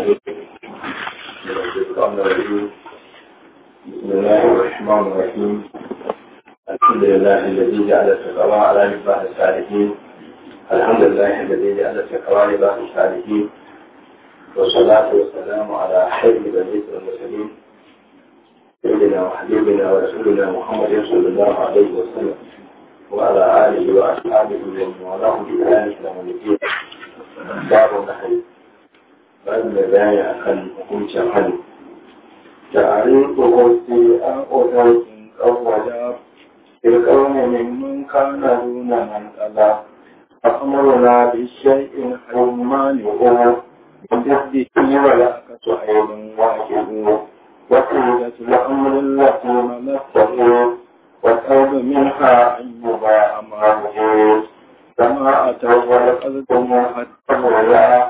بسم الله الرحمن الرحيم الحمد لله الذي جعل التقوى على مصباح الحمد لله الذي جعل التقوى لباس الصالحين والصلاة والسلام على خير بنيت المرسلين سيدنا وحبيبنا ورسولنا محمد صلى الله عليه وسلم وعلى آله وأصحابه ومن والاهم بإله إلى من wanda za a kan hukuncin hannu. Tarin kokosi a ƙotarsun ƙawada, sai ƙawane neman kana nuna mantala, a kuma wana bishiyar in ne kuma wanda su yi wa aka so a yi don wake ne. Wata yi da su la'amarin na tsaro, wata yi da min ha an yi ba a ma'amuru, zama a tawar ƙarfin hatta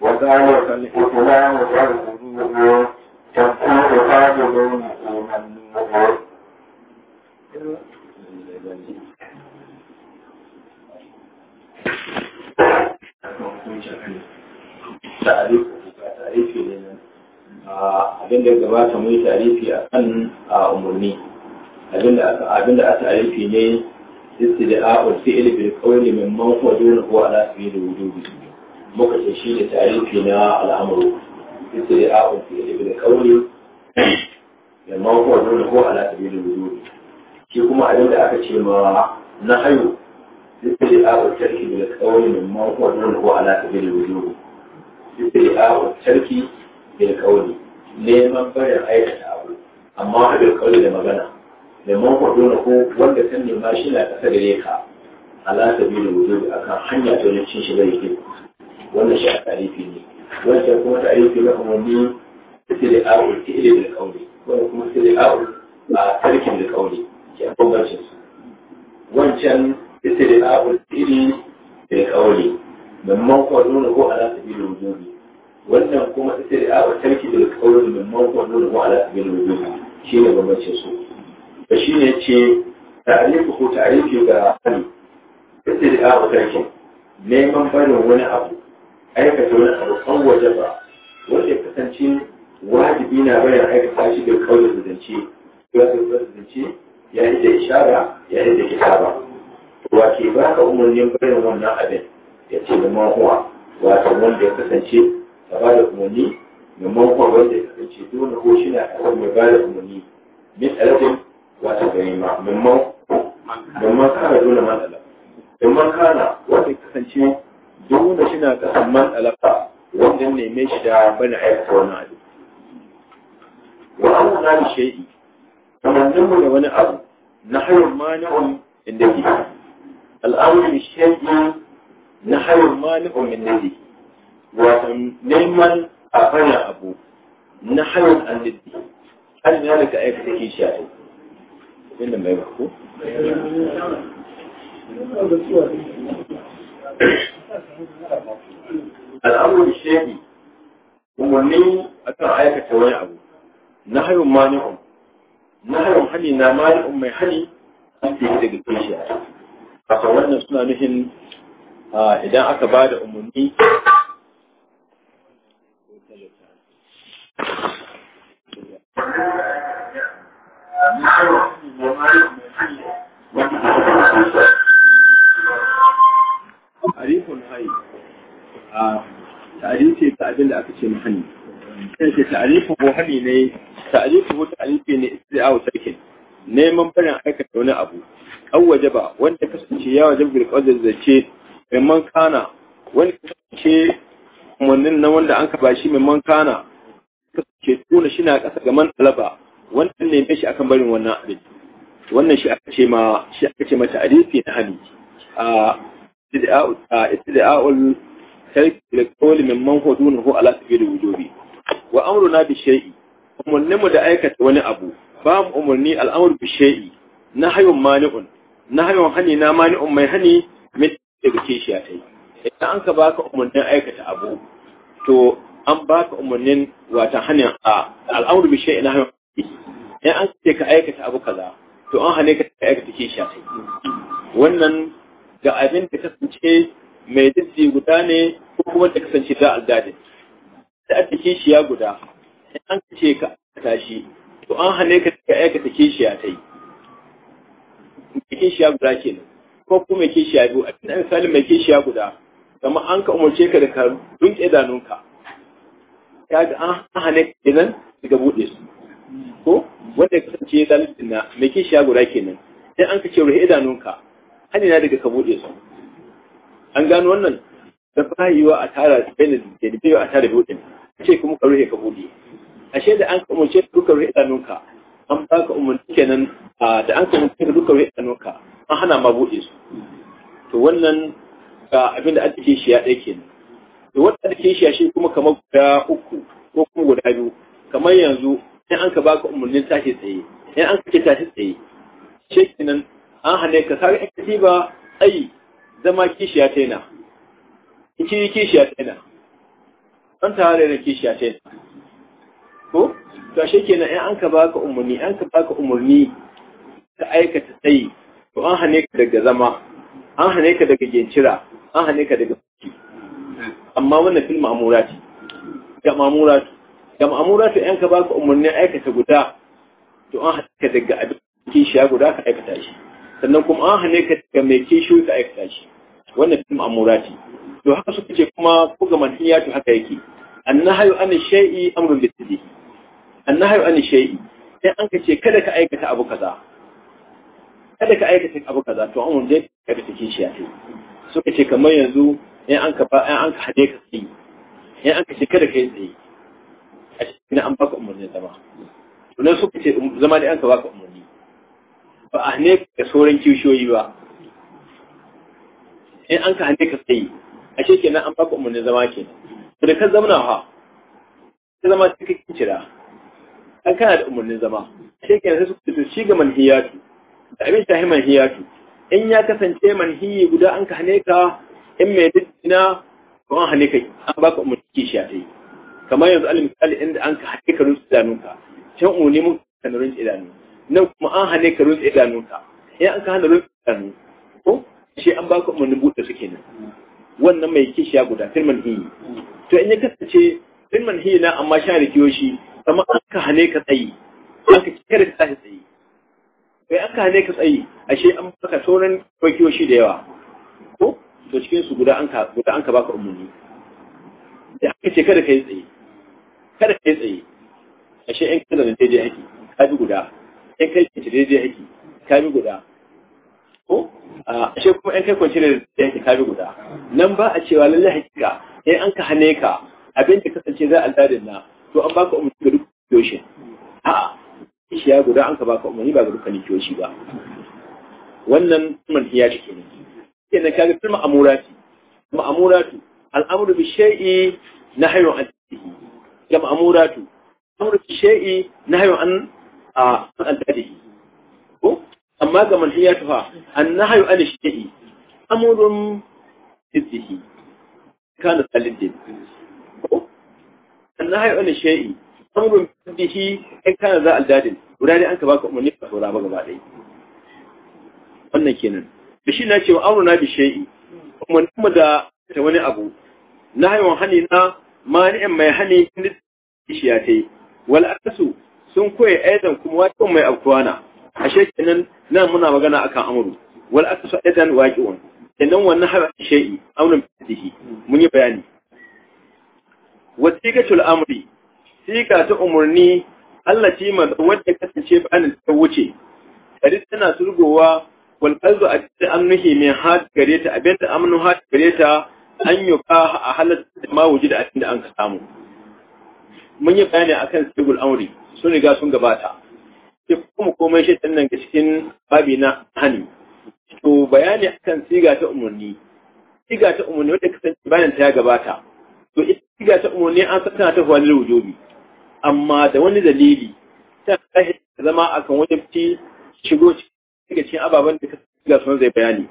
وقالت الإسلام والغرور تكون قاد لونه abin da gabata mu yi tarifi a kan umarni abin da a tarifi ne istida'a'ul fi'il bil qawli mimman huwa dunahu ala da wujubi muka ce shi ne tarihi na al'amuru ita ya abun fi ibi da kauli yamma kuma dole ko ala da wujudi shi kuma abin da aka ce ma na hayo ita ya abun tarki da kauli yamma kuma dole ko ala da wujudi ita ya abun tarki da kauli neman barin aikata abu amma abin kauli da magana yamma kuma dole ko wanda kan nema shi na kasa gare ka ala da wujudi akan hanya ta wani cin shi zai ke wannan shi a tarifi ne wancan kuma tarifi na umarni da sai da awul ke ile da kauli wannan kuma sai da awul a tarkin da kauli ke a bambancin su wancan sai da awul iri da kauli mimman kuwa nuna ko ala ta biyu wujubi wannan kuma sai da awul tarki da kauli mimman kuwa nuna ko ala ta biyu wujubi shi ne bambancin su Ba shi ne ce ta'arifu ko ta'arifi ga hali sai da awul tarkin neman barin wani abu aikata wani abu kan waje ba wanda ya kasance wajibi na bayan aikata shi da kawai da zance ya ga da zance ya yi da ishara ya yi da kitaba wa ke ba ka umarnin bayan wannan abin ya ce da mahuwa wato wanda ya kasance ta ba da umarni da mahuwa wanda ya kasance dole ko shi na kawai mai ba da umarni min alafin wato gani ma min man kara dole man alaf in man kana wanda ya kasance duna shi na kasan man alaka wajen neme shi da bana aika wani abu Wani na da shaidi sanannin mu da wani abu na hayar mani'un um inda ke da shaidi na hayar mani'un um inda ke Wata neman a bana abu na hayar annabi an ya daga aika take shi a yau inda mai ba الأمر الشيخي هم أني أترى عيك التوايع أبو نهي مانعهم نهي حلي نامال أمي حلي أنت يدق الكيشي أخوانا سنة نهن إذا أكبر أمني Thank you. ta'arifun hayy a ta'arifi ta abin da aka ce muhalli sai ce ta'arifu ko hani ne ta'arifu ko ta'arifi ne isti'a'u sarkin neman barin aikata wani abu an wajaba wanda kasance ya wajaba bil qadar da ce man kana Wani kasance umarnin na wanda an ka bashi "Mai man kana kasance tuna shi na kasa ga man talaba Wannan ne mai shi akan barin wannan abin wannan shi aka ce ma shi aka ce ma ta'arifi na hani a istida'ul tarki da kawai da aikata wani abu ba mu umurni al'amru bi shay'i na hayun mani'un na hayun hani na mani'un mai hani min da kike shi a tai idan an ka baka umurnin aikata abu to an baka umurnin wata hanin a al'amru bi shay'i na hayun in an ce ka aikata abu kaza to an hane ka aikata kishi wannan ga abin da kasance mai dutse guda ne ko kuma da kasance da algadin da aka kishiya guda sai an kace ka aikata shi to an hane ka ka aikata kishiya ta yi kishi kishiya guda kenan ko kuma kishi kishiya biyu A cikin misali mai kishiya guda kamar an ka umarce ka da ka dunke idanunka ga an hane ka kenan daga buɗe su ko wanda ya kasance zalitin na mai kishiya guda kenan sai an ka ce rufe idanunka hani na daga ka buɗe su an gano wannan da fahiwa a tara da da a tara buɗe ce kuma ka rufe ka buɗe ashe da an umarce ka duka rufe ɗanunka an ba ka umarci kenan da an umarce ka duka rufe ɗanunka an hana ma buɗe su to wannan ga abin da ake shi ya ɗaya kenan to wanda ake shi ya shi kuma kamar guda uku ko kuma guda biyu kamar yanzu in an ka baka umarnin tashi tsaye in an ka ce tashi tsaye shekinan an hane ka sai aka ba ai zama kishiya ta yana ki kishiya ta yana an hare na kishiya ta yana ko to shi kenan in an ka baka umurni an ka baka umarni ka aikata tsayi to an hane ka daga zama an hane ka daga gencira an hane ka daga amma wannan fil ce, ga ma'murati ga ma'murati in ka baka umurni aikata guda to an hane ka daga abin kishiya guda ka aikata shi sannan kuma an hane ka ga mai kishiyoyi ka aikata shi wannan fim amurati to haka suka ce kuma ko ga mantiya to haka yake annahayu an shay'i amrun bi sidi annahayu an shay'i sai an ka ce kada ka aikata abu kaza kada ka aikata abu kaza to amrun dai ka bi cikin shi yayi suka ce kamar yanzu in an ka in an ka hade ka tsayi in an ka ce kada ka yi tsayi a cikin an baka umarnin zama to ne suka ce zama dai an ka baka umarni ba a hane ka sauran kishiyoyi ba in an ka hane ka tsaye a shekin na an baka umarnin zama ke da ka zamana ha ka zama cikin cira an kana da umarnin zama a shekin sai su fito shi ga manhiyatu da abin shahi manhiyatu in ya kasance manhiyi guda an ka hane ka in mai dina ko an hane ka an baka umarnin kishiya ta yi kamar yanzu alimkali inda an ka hane ka rusu idanunka can umarni mun ka nurin idanu nan kuma an hane ka rutsa idanunka ya an ka hana rutsa idanu ko shi an baka umarnin buɗe su kenan wannan mai kishiya guda firman hiyi to in ya kasance firman hiyi na amma sha rikiyo kuma an ka hane ka tsayi an ka kare ka tashi tsayi bai an ka hane ka tsayi ashe an baka sauran rikiyo da yawa ko to cikin su guda an ka guda an ka baka umarni da aka ce kada ka yi tsaye kada ka yi tsaye ashe in kana da daidai ake kaji guda in kai kwanci daidai yake kami guda ko a shi kuma in kai kwanci daidai yake kami guda nan ba a cewa lallai hakika in an ka hane ka abin da kasance za a dadin na to an baka umarni ga duk yoshin a shi ya guda an ka baka umarni ba ga dukkan yoshi ba wannan umarni ya take ne kenan kaga fil ma'amurati ma'amuratu al'amru bi shay'i nahyun an ga ma'amuratu amru bi shay'i nahyun an a al'adari ko amma ga manhiyatu fa annahyu an shay'i amurin tizhi kana salidin ko annahyu an shay'i amurin tizhi in kana za al'adin guda ne an ka baka umarni ka saura ba gaba ɗaya wannan kenan da shi na ce wa amruna bi shay'i umarnin mu da ta wani abu nahyun hani na ni'in mai hani shi ya ta wal asu sun koyi aidan kuma waƙin mai afkuwana ashe kenan nan muna magana akan amru wal aksu aidan waqi'un kenan wannan har shay'i amrun fitihi mun yi bayani wasiqatul amri sika ta umurni Allah ci ma wanda kasance bayanin ta wuce kadi tana turgowa wal qalbu a cikin annuhi min had gareta abinda amnu had gareta an yuka a halatta ma wujida a cikin da an samu mun yi bayani kan sigul amri sun riga sun gabata ke kuma komai shi nan ga cikin babi na hani to bayani kan siga ta umarni siga ta umarni wanda kasance bayan ta ya gabata to ita siga ta umarni an san tana ta huwalar wujobi amma da wani dalili ta tashi zama a kan wani ci shigo cikin ababen da kasance siga sun zai bayani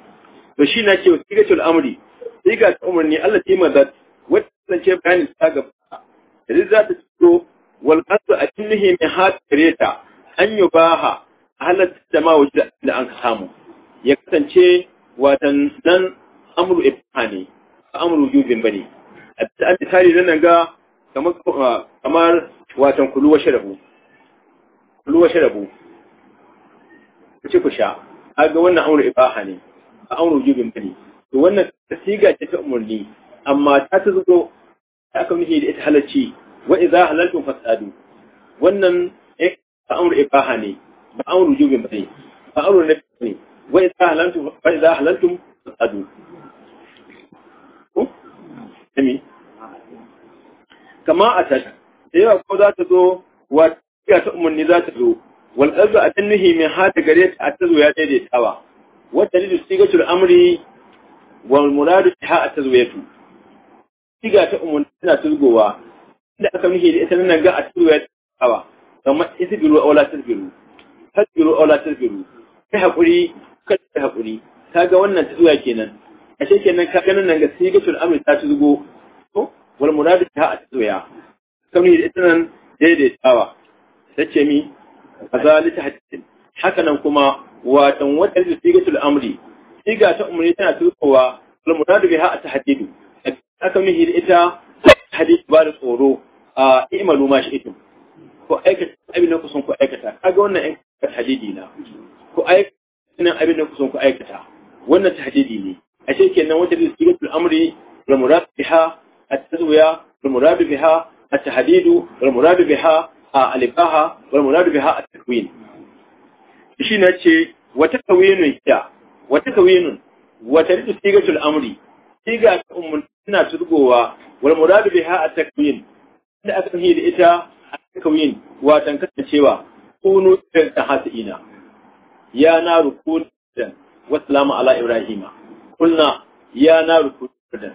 to shi na ce siga ta al'amari siga ta umarni Allah ta yi mazat wadda kasance bayanin ta gabata idan za ta fito wal qasu atnihi min hat kareta an yubaha halat jama'a wajda da an samu ya kasance watan nan amru ibhani amru jubin bane a ta tare nan ga kamar kamar watan kulu wa sharabu kulu sharabu ku ci ku sha ga wannan amru ibaha ne a amru jubin bane to wannan siga ce ta umarni, amma ta ta zo aka nufi da ita halacci wa idza halaltum fasadu wannan eh, ba amru ibaha ne ba amru jubin ba ne ba amru na ne wa idza halaltum fa idza halaltum fasadu Kama a tata, da yawa ko za ta zo wa ta ta umarni za ta zo, wal ƙarfi a tannihi min hata gare ta a ta zo ya daidaitawa, wata lidu sigatul amri wal muradu ta ha a ta zo ya tu. siga ta umarni tana turgowa inda aka mishi da ita nan ga a turwa ya tsawa kamar isbiru a tasbiru tasbiru ta haƙuri kai ta haƙuri. ta ga wannan zuwa kenan ashe kenan ganin nan ga sigatul amri ta turgo to wal muradu ta a tsuya mishi da ita nan ta ce mi ta hadin haka nan kuma watan wata sigatul amri siga ta umarni tana turkowa wal muradu a ta tahdidu aka mihi da ita hadisi ba da tsoro a imalu ma shi itin ko aikata abin da kusan ku aikata kaga wannan aikata hadidi na ko aikata abin da kusan ku aikata wannan tahdidi ne ashe kenan wata da sigatul amri wal murad biha at-tazwiya wal murad biha at-tahdidu wal murad biha a Alibaha? wal murad biha at-takwin shi ne ce wata tawinun ya wata tawinun wata da sigatul amri siga ummul suna turgowa wal muradu biha at takwin da aka fi da ita at takwin watan kasancewa kunu ta hasina ya na ruku rukun wa salamu ala ibrahima kulna ya na ruku rukun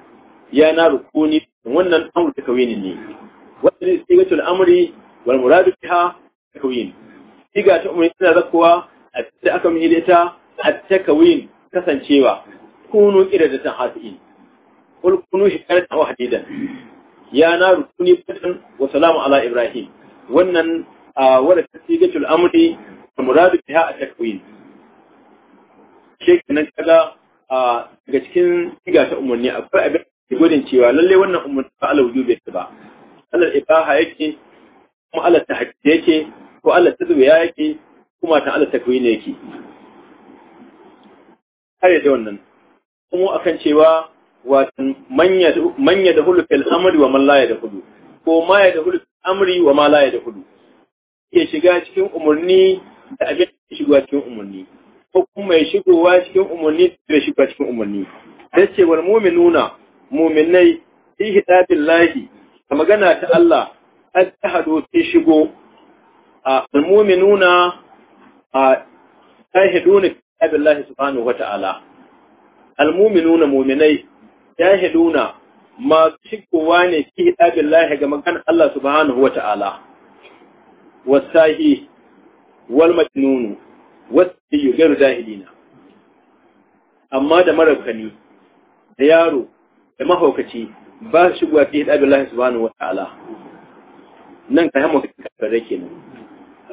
ya na ruku ni, wannan amru takwin ne wannan sigatul amri wal muradu biha takwin siga ta umri tana zakuwa a da aka fi da ita at takwin kasancewa da iradatin hasina kul shi karta wa hadidan ya na rukuni fatan wa salamu ala ibrahim wannan a wadda ta ci gacul amri da muradu biha a takwin shekanan kaga daga cikin siga ta umarni akwai abin da gudun cewa lalle wannan umarni ba ala wujubi ba ala ibaha yake kuma ala tahajjud yake ko ala tadwiya yake kuma ta ala takwin yake har yadda wannan kuma akan cewa watan manya da hulu fil amri wa man la ya da hulu ko ma ya da hulu fil amri wa ma la ya da hulu ke shiga cikin umarni da abin da shiga cikin umarni ko kuma ya shigowa cikin umarni da shiga cikin umarni sai ce wal mu'minuna mu'minai fi hidabillahi ta magana ta Allah an tahado fi shigo a al mu'minuna a tahiduna fi hidabillahi subhanahu ta'ala. al mu'minuna mu'minai jahiluna ma cikowa ne fi billahi ga makan Allah subhanahu wata'ala wasahi wal majnun wasi gairu jahilina amma da marabkani da yaro da mahaukaci ba shi gwa fi billahi subhanahu wata'ala nan ka hamu kafare kenan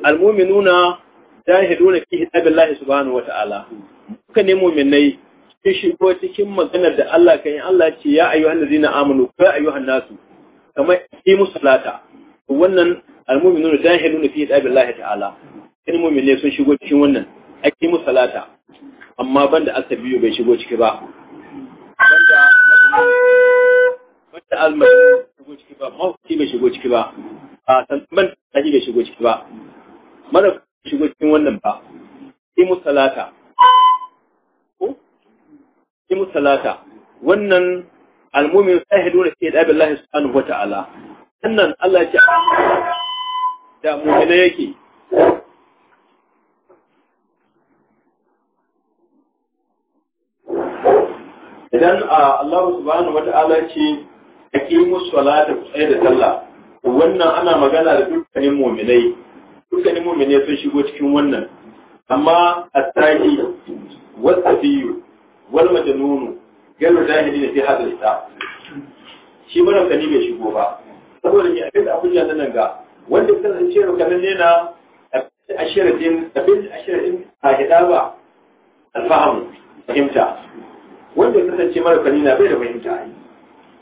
almu'minuna jahiluna fi billahi subhanahu wata'ala duka ne mu'minai ya shigo cikin maganar da Allah kan yi Allah ce ya ayyuhan zina amanu ko ya ayyuhan nasu kamar yi musu lata wannan nuna fiye da abin lahi ta'ala in ne sun shigo cikin wannan a yi musu lata amma banda asabiyu bai shigo ciki ba banda banda almai shigo ciki ba mawuti bai shigo ciki ba a tantan bai shigo ciki ba wannan almumin sahilu da ke da abin lahi rukani bai shigo ba saboda ni abin da abun yana nan ga wanda kan ce rukanin ne na ashiratin abin ashiratin a ba alfahamu fahimta wanda kan ce mara ni na bai da fahimta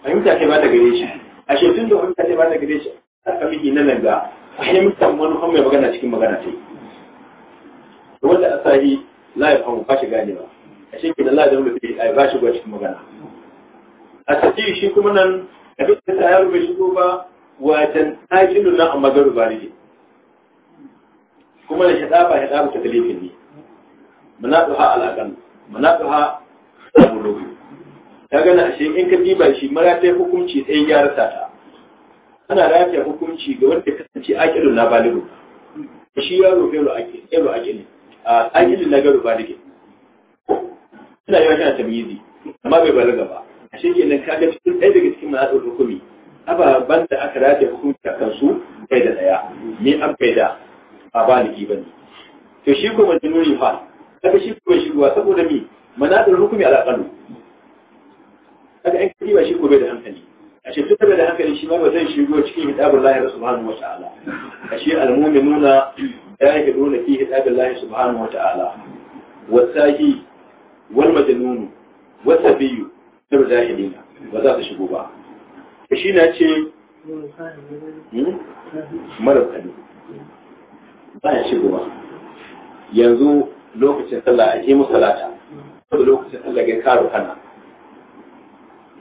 fahimta ke ba da gare shi a tun da fahimta kai ba da gare shi a kamiki na nan ga fahimtar manufan mai magana cikin magana ta yi wanda asahi la ya fahimu ba shi gane ba a shekun da la ya zama da bai ba shi gwa cikin magana a tafi shi kuma nan abin da ta yaro bai shigo ba wajen ɗakin na a magaru ba ne kuma da shaɗa ba shaɗa ba ta talifin ne munaɗuha alaƙan munaɗuha sabulogu ta gana ashe in ka diba shi mara ta hukunci ɗaya ya rasa ta ana rafiya hukunci ga wanda kasance aƙilu na baliru shi yaro fero aƙilu a aƙilu na garu baliru ina yawan shi na tamizi amma bai balaga ba shi ke nan kaga cikin ɗaya daga cikin mazaɗin hukumi ababen da aka rage hukunci a kansu ɗaya da ɗaya ni an bai da ba ba ni ba ne to shi kuma jinuri fa kaga shi kuma shi ruwa saboda mi manaɗin hukumi alaƙalu kaga ɗan kiri ba shi ko bai da hankali a shi bai da hankali shi ma ba zai shigo cikin hidabun lahi subhanahu wa ta'ala a shi nuna, ya yi na fi hidabun lahi subhanahu wa ta'ala wasahi wal majnunu wasabiyu da jahili ba za ta shigo ba shi na ce hmm? mara kani ba ya shigo ba yanzu lokacin sallah a ke musalata wadda lokacin sallah ga karo kana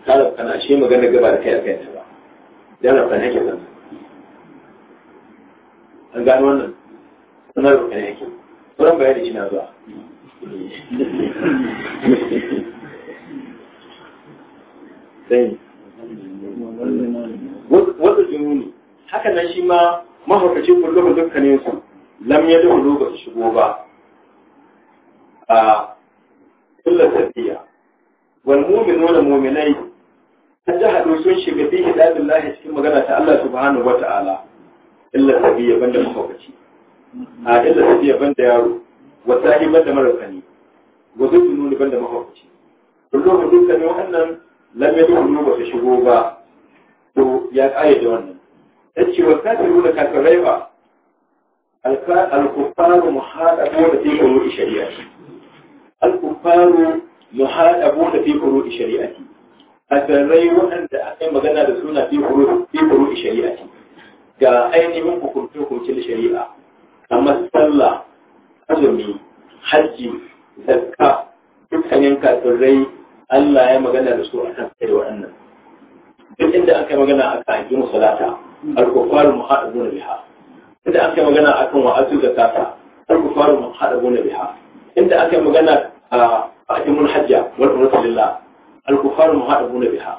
karo kana shi magana gaba da kai a kai ba dan rafa ne ke nan an gano wannan sanar rafa ne ke da shi na zuwa wasu jununi haka nan shi ma mahaukaci kullum dukkanin su lam ya duhu ba su shigo ba a kullar tafiya wal mu'minu da mu'minai an jahadu sun shiga fi hidabin lahi cikin magana ta Allah subhanahu wa ta'ala illa tafiya banda mahaukaci a illa tafiya banda yaro wata banda marasani wasu jununi banda mahaukaci kullum dukkanin wannan lam ya duhu ba su shigo ba to ya kayyade wannan yace wa kafiru da kafirai ba al-kuffaru muhadabu da fi shari'a shari'ati al-kuffaru muhadabu da fi shari'a shari'ati kafirai waɗanda aka yi magana da suna fi shari'a shari'ati ga ainihin hukunce hukuncin shari'a kamar sallah azumi hajji zakka dukkanin kafirai Allah ya magana da su akan kai wa'annan duk inda aka yi magana aka haƙi musalata al-kufaru muhadabuna biha inda aka yi magana akan wa'azu zakata al-kufaru muhadabuna biha inda aka yi magana a aqimun hajja wal umratu lillah al-kufaru muhadabuna biha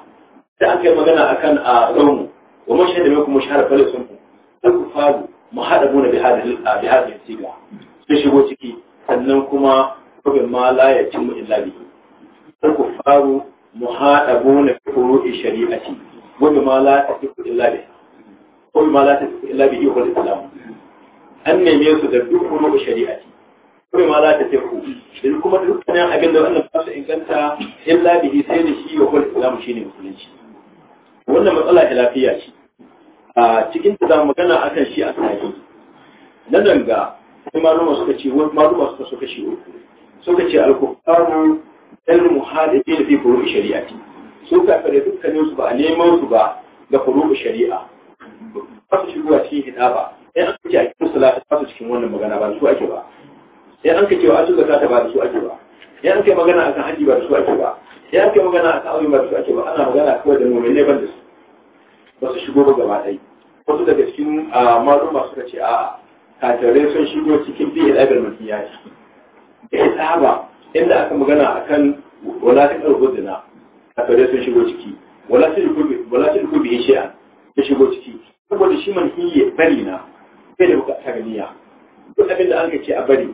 da aka yi magana akan a rawmu wa mashhadu minkum mushhar falisun al-kufaru muhadabuna bi hadhihi bi hadhihi siga sai shigo ciki sannan kuma kuma ma la yatimmu illa bihi الكفار محاربون بفروع الشريعة وبما لا تثق إلا به وبما لا تثق إلا به هو الإسلام أن يميز ذبح فروع الشريعة وبما لا تثق إذ كما تذكرنا أقل لو أن بس إن كنت إلا به سيد الشيء وهو الإسلام شيء المسلمين wannan matsala hilafiya ce a cikin ta magana akan shi a tsaye nan ga sai maluma suka ce maluma suka suka shi uku suka ce alkufaru dal muhadifin fi furu'i shari'ati su kafare dukkanin su ba a neman su ba ga furu'i shari'a ba su shigo a cikin ba sai an kace a cikin salata ba su cikin wannan magana ba su ake ba sai an kace a cikin ta ba su ake ba sai an kai magana akan haji ba su ake ba sai an kai magana akan aure ba su ake ba ana magana kawai da ne ban da su ba su shigo ba gaba ɗaya wasu daga cikin ah, maluma suka ce a'a katarai sun shigo cikin fiye da abin mutum ya ci da ya tsaba inda aka magana akan wala ta karbo zina a tare sun shigo ciki wala ta rukubi wala ta shi'a ta shigo ciki saboda shi man hiye bari na sai da buka tarbiya duk abin da an ka ce a bari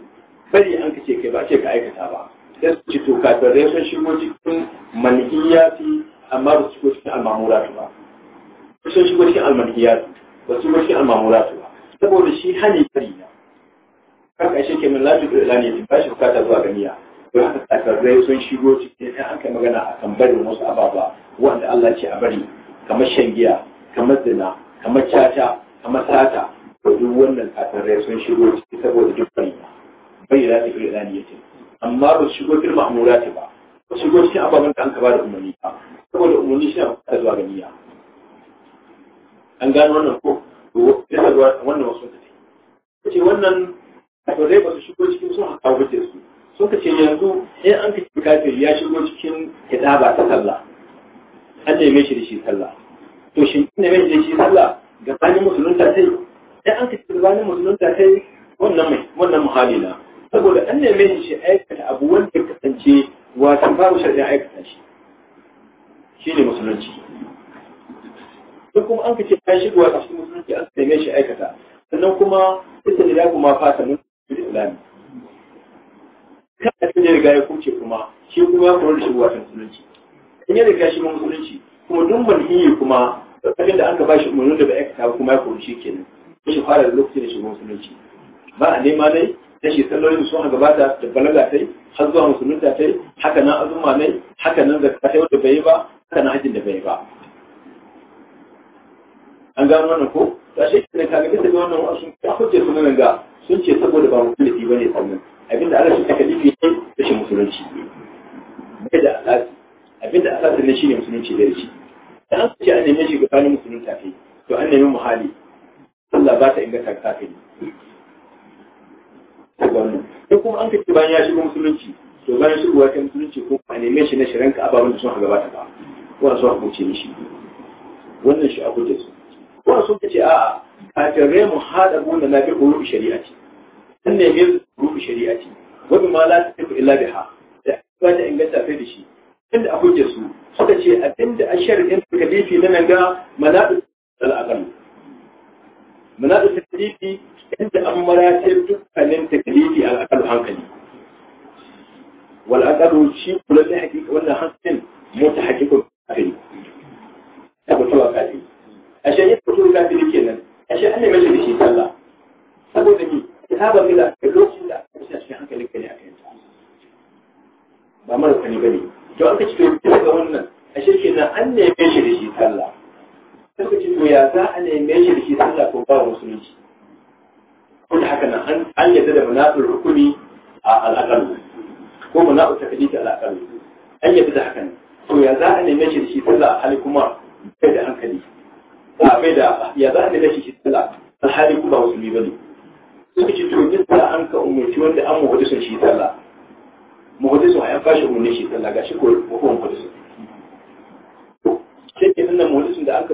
bari an ka ce kai ba ce ka aikata ba sai su ci to kafirai sun shigo cikin fi amma ba su shigo cikin su ba sun shigo cikin su ba su shigo cikin su ba saboda shi hani bari na kan ƙarshe min lafiya da ilani ba shi bukata zuwa ganiya don haka kafirai sun shigo cikin in aka magana a kan barin wasu ababa wanda Allah ce a bari kamar shan giya kamar zina kamar caca kamar sata to duk wannan kafirai sun shigo ciki saboda duk bari bai da take da ni yace amma ba su shigo cikin ma'amurati ba ba su shigo cikin ababen da an ka ba da umarni ba saboda umarni shi na fara zuwa ga niyya an gano wannan ko wannan wasu ta ce wannan kafirai ba su shigo cikin sun haka wuce su suka ce yanzu in an kaci kafir ya shigo cikin kitaba ta sallah an neme shi da shi sallah to shi neme shi da shi sallah gabanin musulunta sai in an kaci gabanin musulunta sai wannan mai wannan muhali na saboda an neme shi shi aikata abu wanda ya kasance wata babu shari'a aikata shi shi ne musulunci duk kuma an kace kai shigowa cikin musulunci an neme shi aikata sannan kuma ita da ya kuma fata mun islami kan abin da ya riga ya kuce kuma shi kuma ya kore da shigowa cikin musulunci in ya riga shi musulunci kuma duk manhiyi kuma abin da aka ba shi umarnin da ba aikata ba kuma ya kore shi ke nan, kenan shi fara da lokaci da shigo musulunci ba a nema dai da shi sallolin sun gabata da balaga tai har zuwa musulunta tai haka nan azuma ne haka nan zakka tai da bai ba haka nan hajjin da bai ba an gano wannan ko ta shi ne kaga kisa ga wannan wasu ta kuce sun ga sun ce saboda ba mutum da ba ne sannan abinda Allah shi aka nufi ne rashin musulunci bai da alaƙi. abinda alasin ne shine musulunci da rashi dan an ce an neme shi ga kanin musulunta kai to an nemi muhali Allah ba ta inganta kafiri ko kuma an kace bayan ya shigo musulunci to bayan shigowa ta musulunci ko a neme shi na shirinka ababen da sun haga ba ta ba ko sun ce shi wannan shi abu da su ko sun ce a'a kafirai mu hada gona na fi horo shari'a ce an neme ruhu shari'ati wa bima la tafiku illa biha da ba ta inganta fa da shi inda a hujjar su suka ce abinda a shari'in takalifi na nan ga manadu al'aqal manadu takalifi inda an maratar dukkanin takalifi al'aqal hankali wal shi kula da hakika wannan hankalin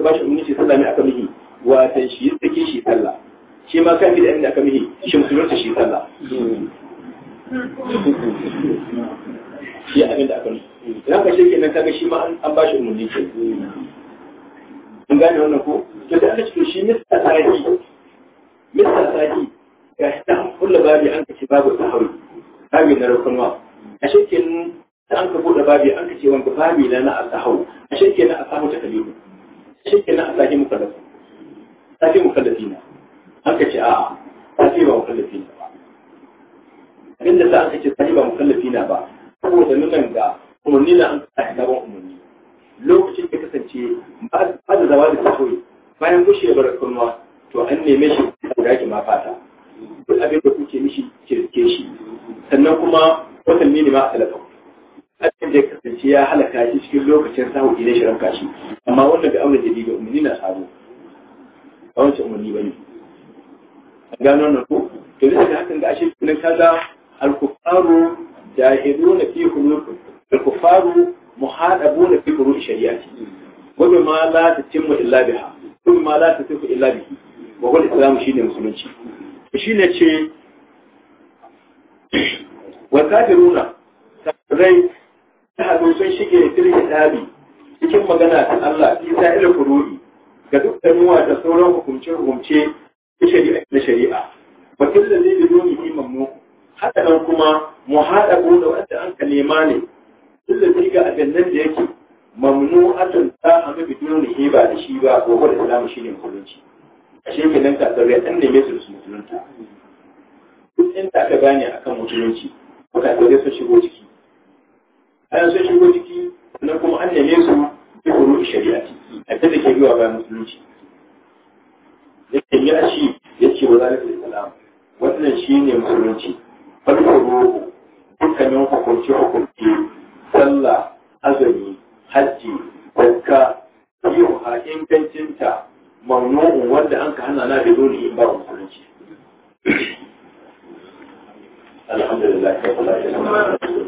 aka bashi sallah ne aka mihi shi ya tsake shi sallah shi ma kan bid'a aka mihi shi musulunta shi sallah shi abin da aka nufi idan ka shirke nan kaga shi ma an bashi umarni shi. an gane wannan ko to da aka cikin shi mista saki mista saki ga shi ta kulla babi an ka ce babu sahawi babi na rukunwa a shirke an ka buɗe babi an ka ce wanka babi na na a shirke na ta kalibu shi ke na a sake mukallafi sake mukallafi na an ka ce a'a sake ba mukallafi na ba abin da sa an kace sake ba mukallafi na ba saboda nunan ga umarni na an kasa gaban umarni lokacin da kasance ba da zawa da kasoyi bayan gushe bar kunwa to an neme shi guda ki ma fata duk abin da kuke mishi ke shi sannan kuma watanni ne ma a talakawa akan da kasance ya halaka shi cikin lokacin samun idan shi ranka shi amma wannan da aure jadi ga umarni na sabo a wancan umarni ba ne gano na ko to bisa ga hakan ga ashe kullun kaza al-kuffaru jahiduna fi qulubi al-kuffaru muhadabuna fi shari'a ce. Gobe ma la tatimmu illa biha gobe ma la tatimmu illa bihi wa islamu shi ne musulunci ne ce wa kafiruna kafirai hadu sun shige fil ɗabi cikin magana ta Allah fi ila furu'i ga dukkan nuwa da sauran hukumce hukumce na shari'a wakil da zai bi doni iman mu Haɗa nan kuma mu haɗa ko da wanda an ka nema ne da zai ga ajannan da yake mamnu'atun ta amma bi doni ba da shi ba ko da islamu ne musulunci ashe nan ka tsare ɗan neme su su musulunta duk ɗin ta ka gane akan musulunci ka tsare su shigo ciki bayan sun shigo ciki na kuma an neme su bi horo shari'a a ta da ke biwa bayan musulunci yake yi a shi ce wa zalifin islam wannan shi ne musulunci farko roho dukkanin hukunci hukunci sallah azumi hajji zakka yau ha ingancinta mamnu'un wanda an ka hana na da dole in ba musulunci alhamdulillah